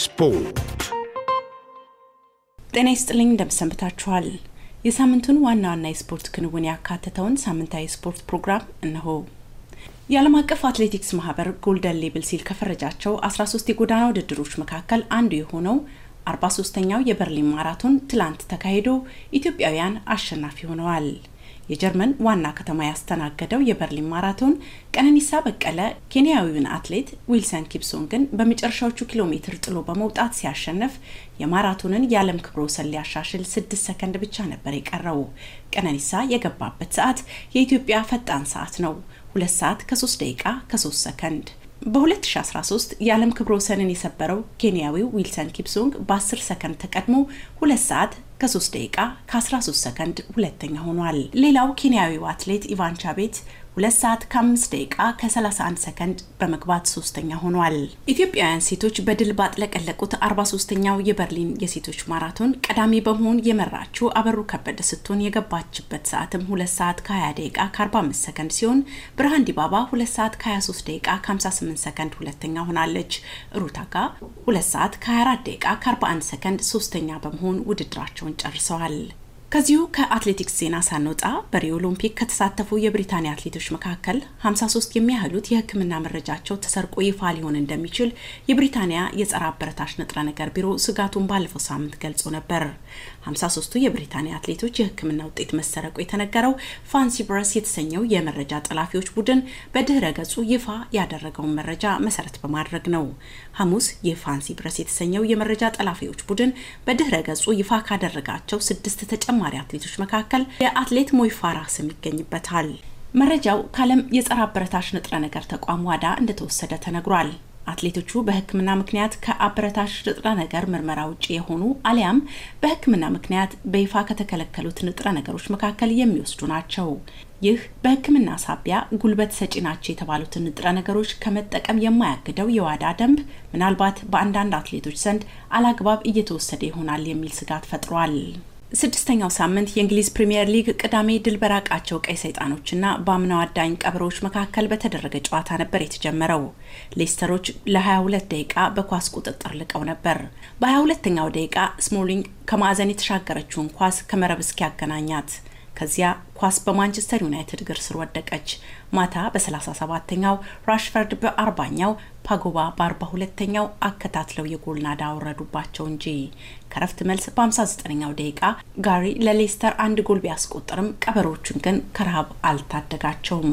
ስፖርት። ጤና ይስጥልኝ፣ እንደምሰንብታችኋል። የሳምንቱን ዋና ዋና የስፖርት ክንውን ያካተተውን ሳምንታዊ ስፖርት ፕሮግራም እነሆ። የዓለም አቀፍ አትሌቲክስ ማህበር ጎልደን ሌብል ሲል ከፈረጃቸው 13 የጎዳና ውድድሮች መካከል አንዱ የሆነው 43ኛው የበርሊን ማራቶን ትላንት ተካሂዶ ኢትዮጵያውያን አሸናፊ ሆነዋል። የጀርመን ዋና ከተማ ያስተናገደው የበርሊን ማራቶን ቀነኒሳ በቀለ ኬንያዊውን አትሌት ዊልሰን ኪፕሶን ግን በመጨረሻዎቹ ኪሎ ሜትር ጥሎ በመውጣት ሲያሸንፍ የማራቶንን የዓለም ክብረ ወሰን ሊያሻሽል ስድስት ሰከንድ ብቻ ነበር የቀረው። ቀነኒሳ የገባበት ሰዓት የኢትዮጵያ ፈጣን ሰዓት ነው፣ ሁለት ሰዓት ከሶስት ደቂቃ ከሶስት ሰከንድ በ2013 የዓለም ክብረ ወሰንን የሰበረው ኬንያዊው ዊልሰን ኪፕሱንግ በ10 ሰከንድ ተቀድሞ 2 ሰዓት ከ3 ደቂቃ ከ13 ሰከንድ ሁለተኛ ሆኗል። ሌላው ኬንያዊው አትሌት ኢቫን ቻቤት ሁለት ሰዓት ከአምስት ደቂቃ ከ31 ሰከንድ በመግባት ሶስተኛ ሆኗል። ኢትዮጵያውያን ሴቶች በድል ባጥለቀለቁት 43ኛው የበርሊን የሴቶች ማራቶን ቀዳሚ በመሆን የመራችው አበሩ ከበደ ስትሆን የገባችበት ሰዓትም 2 ሰዓት ከ20 ደቂቃ ከ45 ሰከንድ ሲሆን ብርሃን ዲባባ 2 ሰዓት ከ23 ደቂቃ ከ58 ሰከንድ ሁለተኛ ሆናለች። ሩታጋ 2 ሰዓት ከ24 ደቂቃ ከ41 ሰከንድ ሶስተኛ በመሆን ውድድራቸውን ጨርሰዋል። ከዚሁ ከአትሌቲክስ ዜና ሳንወጣ በሪዮ ኦሎምፒክ ከተሳተፉ የብሪታንያ አትሌቶች መካከል 53 የሚያህሉት የሕክምና መረጃቸው ተሰርቆ ይፋ ሊሆን እንደሚችል የብሪታንያ የጸረ አበረታሽ ንጥረ ነገር ቢሮ ስጋቱን ባለፈው ሳምንት ገልጾ ነበር። 53ቱ የብሪታንያ አትሌቶች የሕክምና ውጤት መሰረቁ የተነገረው ፋንሲ ብረስ የተሰኘው የመረጃ ጠላፊዎች ቡድን በድህረ ገጹ ይፋ ያደረገውን መረጃ መሰረት በማድረግ ነው። ሐሙስ የፋንሲ ብረስ የተሰኘው የመረጃ ጠላፊዎች ቡድን በድህረ ገጹ ይፋ ካደረጋቸው ስድስት ተጨማ ተጨማሪ አትሌቶች መካከል የአትሌት ሞይፋራ ስም ይገኝበታል። መረጃው ከዓለም የጸረ አበረታሽ ንጥረ ነገር ተቋም ዋዳ እንደተወሰደ ተነግሯል። አትሌቶቹ በሕክምና ምክንያት ከአበረታሽ ንጥረ ነገር ምርመራ ውጭ የሆኑ አሊያም በሕክምና ምክንያት በይፋ ከተከለከሉት ንጥረ ነገሮች መካከል የሚወስዱ ናቸው። ይህ በሕክምና ሳቢያ ጉልበት ሰጪ ናቸው የተባሉትን ንጥረ ነገሮች ከመጠቀም የማያግደው የዋዳ ደንብ ምናልባት በአንዳንድ አትሌቶች ዘንድ አላግባብ እየተወሰደ ይሆናል የሚል ስጋት ፈጥሯል። ስድስተኛው ሳምንት የእንግሊዝ ፕሪምየር ሊግ ቅዳሜ ድል በራቃቸው ቀይ ሰይጣኖችና በአምናው አዳኝ ቀበሮዎች መካከል በተደረገ ጨዋታ ነበር የተጀመረው። ሌስተሮች ለ22 ደቂቃ በኳስ ቁጥጥር ልቀው ነበር። በ22ኛው ደቂቃ ስሞሊንግ ከማዕዘን የተሻገረችውን ኳስ ከመረብ እስኪያገናኛት ከዚያ ኳስ በማንቸስተር ዩናይትድ እግር ስር ወደቀች። ማታ በ37ኛው ራሽፈርድ በ40ኛው ፓጎባ በ42ኛው አከታትለው የጎል ናዳ አወረዱባቸው እንጂ ከረፍት መልስ በ59ኛው ደቂቃ ጋሪ ለሌስተር አንድ ጎል ቢያስቆጥርም ቀበሮቹን ግን ከረሃብ አልታደጋቸውም።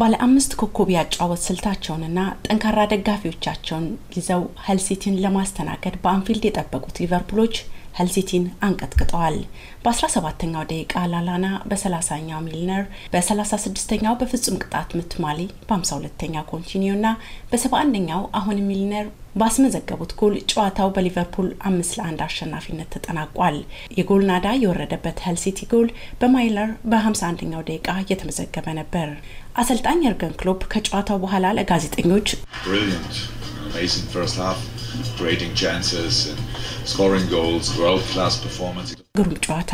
ባለ አምስት ኮከብ ያጫወት ስልታቸውንና ጠንካራ ደጋፊዎቻቸውን ይዘው ሀል ሲቲን ለማስተናገድ በአንፊልድ የጠበቁት ሊቨርፑሎች ሄልሲቲን አንቀጥቅጠዋል። በ17ኛው ደቂቃ ላላና በ30ኛው ሚልነር በ36ኛው በፍጹም ቅጣት ምት ማሊ በ 52 ኛው ኮንቲኒዮ ና በ71ኛው አሁን ሚልነር ባስመዘገቡት ጎል ጨዋታው በሊቨርፑል አምስት ለአንድ አሸናፊነት ተጠናቋል። የጎል ናዳ የወረደበት ሄልሲቲ ጎል በማይለር በ51ኛው ደቂቃ እየተመዘገበ ነበር። አሰልጣኝ የርገን ክሎፕ ከጨዋታው በኋላ ለጋዜጠኞች creating chances and scoring goals, world class performance. ግሩም ጨዋታ፣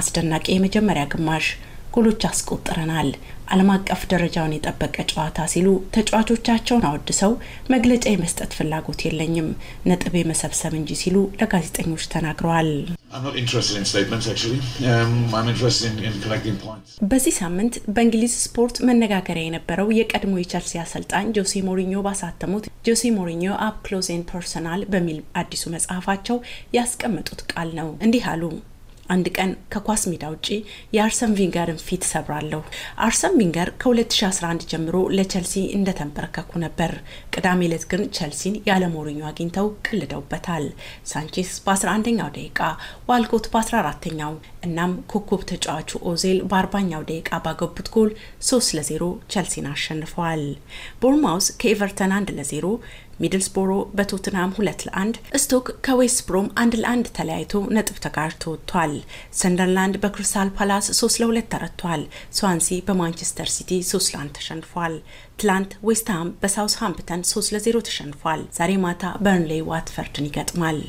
አስደናቂ የመጀመሪያ ግማሽ ጎሎች አስቆጥረናል፣ ዓለም አቀፍ ደረጃውን የጠበቀ ጨዋታ ሲሉ ተጫዋቾቻቸውን አወድሰው መግለጫ የመስጠት ፍላጎት የለኝም፣ ነጥብ የመሰብሰብ እንጂ ሲሉ ለጋዜጠኞች ተናግረዋል። Um, በዚህ ሳምንት በእንግሊዝ ስፖርት መነጋገሪያ የነበረው የቀድሞ የቸልሲ አሰልጣኝ ጆሴ ሞሪኞ ባሳተሙት ጆሴ ሞሪኞ አፕ ክሎዝ ፐርሰናል በሚል አዲሱ መጽሐፋቸው ያስቀመጡት ቃል ነው። እንዲህ አሉ። አንድ ቀን ከኳስ ሜዳ ውጪ የአርሰን ቪንገርን ፊት ሰብራለሁ። አርሰን ቪንገር ከ2011 ጀምሮ ለቸልሲ እንደተንበረከኩ ነበር። ቅዳሜ ዕለት ግን ቸልሲን ያለ ሞሪኞ አግኝተው ቀልደውበታል። ሳንቼስ በ11ኛው ደቂቃ፣ ዋልኮት በ14ኛው እናም ኮከብ ተጫዋቹ ኦዜል በ40ኛው ደቂቃ ባገቡት ጎል 3 ለ0 ቸልሲን አሸንፈዋል። ቦርማውስ ከኤቨርተን 1 ለ0 ሚድልስቦሮ በቶትንሃም ሁለት ለአንድ ስቶክ ከዌስት ብሮም አንድ ለአንድ ተለያይቶ ነጥብ ተጋርቶ ወጥቷል። ሰንደርላንድ በክሪስታል ፓላስ ሶስት ለሁለት ተረቷል። ስዋንሲ በማንቸስተር ሲቲ ሶስት ለአንድ ተሸንፏል። ትላንት ዌስትሃም በሳውስ ሃምፕተን ሶስት ለዜሮ ተሸንፏል። ዛሬ ማታ በርንሌይ ዋትፈርድን ይገጥማል።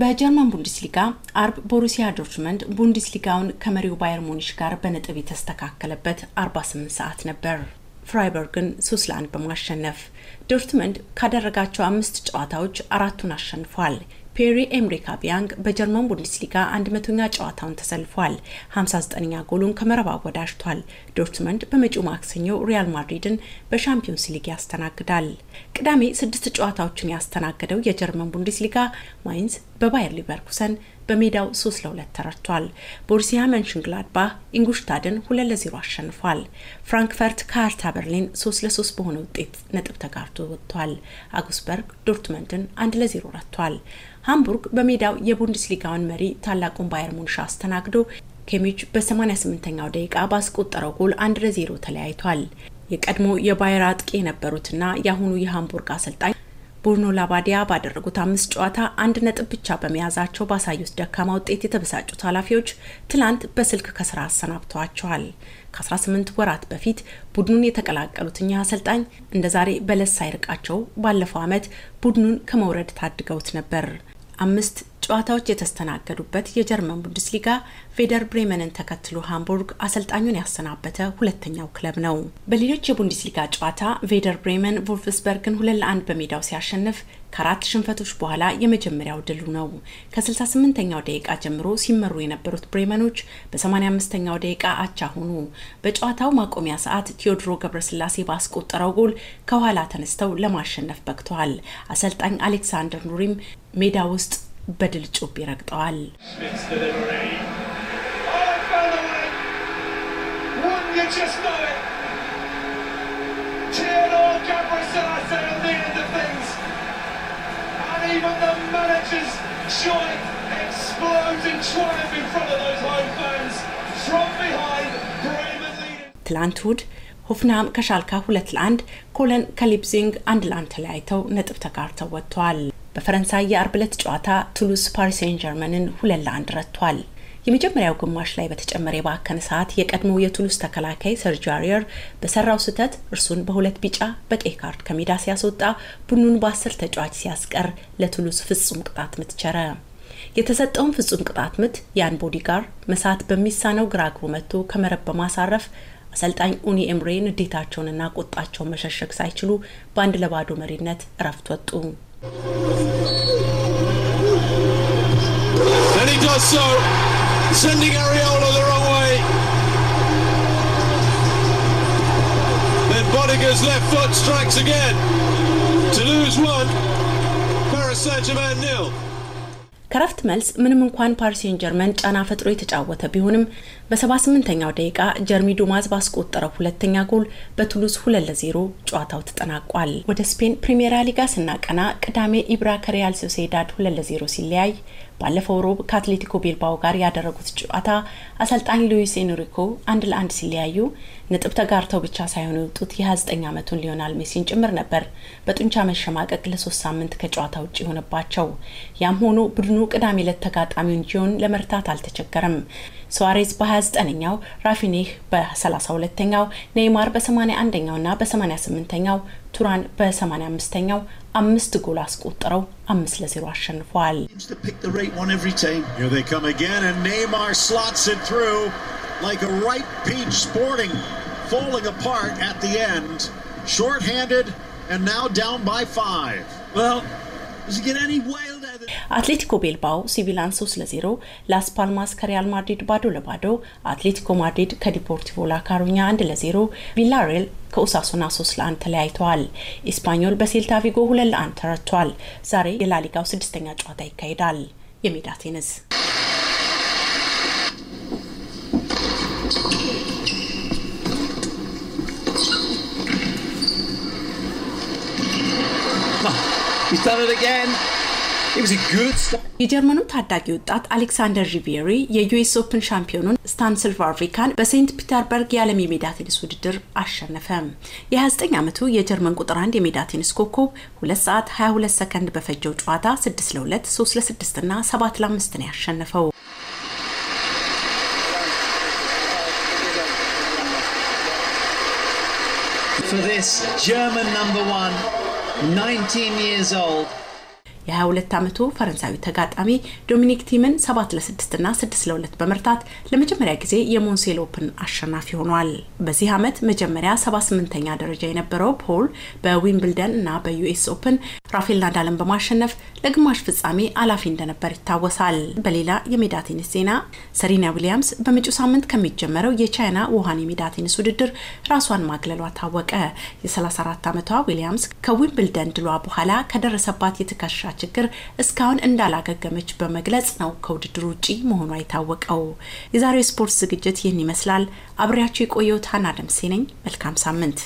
በጀርመን ቡንድስሊጋ አርብ ቦሩሲያ ዶርትመንድ ቡንደስሊጋውን ከመሪው ባየር ሙኒሽ ጋር በነጥብ የተስተካከለበት 48 ሰዓት ነበር። ፍራይበርግን ሶስት ለአንድ በማሸነፍ ዶርትመንድ ካደረጋቸው አምስት ጨዋታዎች አራቱን አሸንፏል። ፔሪ ኤምሪካ ቢያንግ በጀርመን ቡንደስሊጋ 100ኛ ጨዋታውን ተሰልፏል። 59ኛ ጎሉን ከመረብ አወዳጅቷል። ዶርትመንድ በመጪው ማክሰኞ ሪያል ማድሪድን በሻምፒዮንስ ሊግ ያስተናግዳል። ቅዳሜ ስድስት ጨዋታዎችን ያስተናገደው የጀርመን ቡንደስሊጋ ማይንስ በባየር ሊቨርኩሰን በሜዳው 3 ለ2 ተረድቷል። ቦሩሲያ መንሽንግላድባህ ኢንጉሽታድን 2 ለ0 አሸንፏል። ፍራንክፈርት ከሀርታ በርሊን 3 ለ3 በሆነ ውጤት ነጥብ ተጋርቶ ወጥቷል። አጉስበርግ ዶርትመንድን 1 ለ0 ረቷል። ሃምቡርግ በሜዳው የቡንደስሊጋውን መሪ ታላቁን ባየር ሙንሻ አስተናግዶ ኬሚች በ88ኛው ደቂቃ ባስቆጠረው ጎል 1 ለ0 ተለያይቷል። የቀድሞ የባየር አጥቂ የነበሩትና የአሁኑ የሃምቡርግ አሰልጣኝ ቡርኖ ላባዲያ ባደረጉት አምስት ጨዋታ አንድ ነጥብ ብቻ በመያዛቸው ባሳዩት ደካማ ውጤት የተበሳጩት ኃላፊዎች ትላንት በስልክ ከስራ አሰናብተዋቸዋል። ከ18 ወራት በፊት ቡድኑን የተቀላቀሉት እኚህ አሰልጣኝ እንደ ዛሬ በለስ ሳይርቃቸው ባለፈው ዓመት ቡድኑን ከመውረድ ታድገውት ነበር። አምስት ጨዋታዎች የተስተናገዱበት የጀርመን ቡንደስሊጋ ቬደር ብሬመንን ተከትሎ ሃምቡርግ አሰልጣኙን ያሰናበተ ሁለተኛው ክለብ ነው። በሌሎች የቡንደስሊጋ ጨዋታ ቬደር ብሬመን ቮልፍስበርግን ሁለት ለአንድ በሜዳው ሲያሸንፍ ከአራት ሽንፈቶች በኋላ የመጀመሪያው ድሉ ነው። ከ68ኛው ደቂቃ ጀምሮ ሲመሩ የነበሩት ብሬመኖች በ85ኛው ደቂቃ አቻ ሆኑ። በጨዋታው ማቆሚያ ሰዓት ቴዎድሮ ገብረስላሴ ባስቆጠረው ጎል ከኋላ ተነስተው ለማሸነፍ በቅተዋል። አሰልጣኝ አሌክሳንደር ኑሪም ሜዳ ውስጥ በድል ጩብ ይረግጠዋል። ትላንት እሁድ ሆፍናም ከሻልካ ሁለት ለአንድ ኮለን ከሊፕዚንግ አንድ ለአንድ ተለያይተው ነጥብ ተጋርተው ወጥተዋል። በፈረንሳይ የአርብ ዕለት ጨዋታ ቱሉስ ፓሪሴን ጀርመንን ሁለት ለአንድ ረቷል። የመጀመሪያው ግማሽ ላይ በተጨመረ የባከነ ሰዓት የቀድሞው የቱሉስ ተከላካይ ሰርጅ አሪየር በሰራው ስህተት እርሱን በሁለት ቢጫ በቀይ ካርድ ከሜዳ ሲያስወጣ ቡድኑን በአስር ተጫዋች ሲያስቀር ለቱሉስ ፍጹም ቅጣት ምት ቸረ። የተሰጠውን ፍጹም ቅጣት ምት ያን ቦዲጋር መሳት በሚሳነው ግራ እግሩ መጥቶ ከመረብ በማሳረፍ አሰልጣኝ ኡኒ ኤምሬ ንዴታቸውንና ቁጣቸውን መሸሸግ ሳይችሉ በአንድ ለባዶ መሪነት እረፍት ወጡ። And he does so, sending Areola the wrong way. Then Bodiger's left foot strikes again. Toulouse one, Paris Saint-Germain nil. ከረፍት መልስ ምንም እንኳን ፓሪሴን ጀርመን ጫና ፈጥሮ የተጫወተ ቢሆንም በ78ኛው ደቂቃ ጀርሚ ዱማዝ ባስቆጠረው ሁለተኛ ጎል በቱሉዝ ለ 0 ጨዋታው ተጠናቋል። ወደ ስፔን ፕሪሜራ ሊጋ ስናቀና ቅዳሜ ኢብራ ከሪያል ሶሴዳድ ለ0 ሲለያይ ባለፈው ሮብ ከአትሌቲኮ ቤልባው ጋር ያደረጉት ጨዋታ አሰልጣኝ ሉዊስ ኤንሪኮ አንድ ለአንድ ሲለያዩ ነጥብ ተጋርተው ብቻ ሳይሆኑ የወጡት የ29 ዓመቱን ሊዮናል ሜሲን ጭምር ነበር በጡንቻ መሸማቀቅ ለሶስት ሳምንት ከጨዋታ ውጭ የሆነባቸው። ያም ሆኖ ቡድኑ ቅዳሜ ዕለት ተጋጣሚውን ጂዮን ለመርታት አልተቸገረም። ሱዋሬዝ በ29ኛው፣ ራፊኒህ በ32ኛው፣ ኔይማር በ81ኛው እና በ88ኛው፣ ቱራን በ85ኛው አምስት ጎል አስቆጥረው አምስት ለዜሮ አሸንፈዋል። and now down by five. Well, does it get any way አትሌቲኮ ቤልባው ሲቪላን 3 ለ0፣ ላስ ፓልማስ ከሪያል ማድሪድ ባዶ ለባዶ፣ አትሌቲኮ ማድሪድ ከዲፖርቲቮ ላካሩኛ 1 ለ0፣ ቪላሬል ከኡሳሱና 3 ለ1 ተለያይተዋል። ኢስፓኞል በሴልታ ቪጎ 2 ለ1 ተረቷል። ዛሬ የላሊጋው ስድስተኛ ጨዋታ ይካሄዳል። የሜዳ He's done it again. የጀርመኑ ታዳጊ ወጣት አሌክሳንደር ሪቬሪ የዩኤስ ኦፕን ሻምፒዮኑን ስታንስል ቫቭሪካን በሴንት ፒተርበርግ የዓለም የሜዳ ቴኒስ ውድድር አሸነፈ። የ29 ዓመቱ የጀርመን ቁጥር አንድ የሜዳ ቴኒስ ኮከብ 2 ሰዓት 22 ሰከንድ በፈጀው ጨዋታ 6 ለ2፣ 3 ለ6 እና 7 ለ5 ነው ያሸነፈው። For this German number one, 19 years old. የ22 ዓመቱ ፈረንሳዊ ተጋጣሚ ዶሚኒክ ቲምን 7 ለ6 እና 6 ለ2 በመርታት ለመጀመሪያ ጊዜ የሞንሴል ኦፕን አሸናፊ ሆኗል። በዚህ ዓመት መጀመሪያ 78ኛ ደረጃ የነበረው ፖል በዊምብልደን እና በዩኤስ ኦፕን ራፌል ናዳልን በማሸነፍ ለግማሽ ፍጻሜ አላፊ እንደነበር ይታወሳል። በሌላ የሜዳ ቴኒስ ዜና ሰሪና ዊሊያምስ በመጪው ሳምንት ከሚጀመረው የቻይና ውሃን የሜዳ ቴኒስ ውድድር ራሷን ማግለሏ ታወቀ። የ34 ዓመቷ ዊሊያምስ ከዊምብልደን ድሏ በኋላ ከደረሰባት የትከሻ ችግር እስካሁን እንዳላገገመች በመግለጽ ነው ከውድድሩ ውጪ መሆኗ የታወቀው። የዛሬው የስፖርት ዝግጅት ይህን ይመስላል። አብሬያቸው የቆየው ታና ደምሴ ነኝ። መልካም ሳምንት።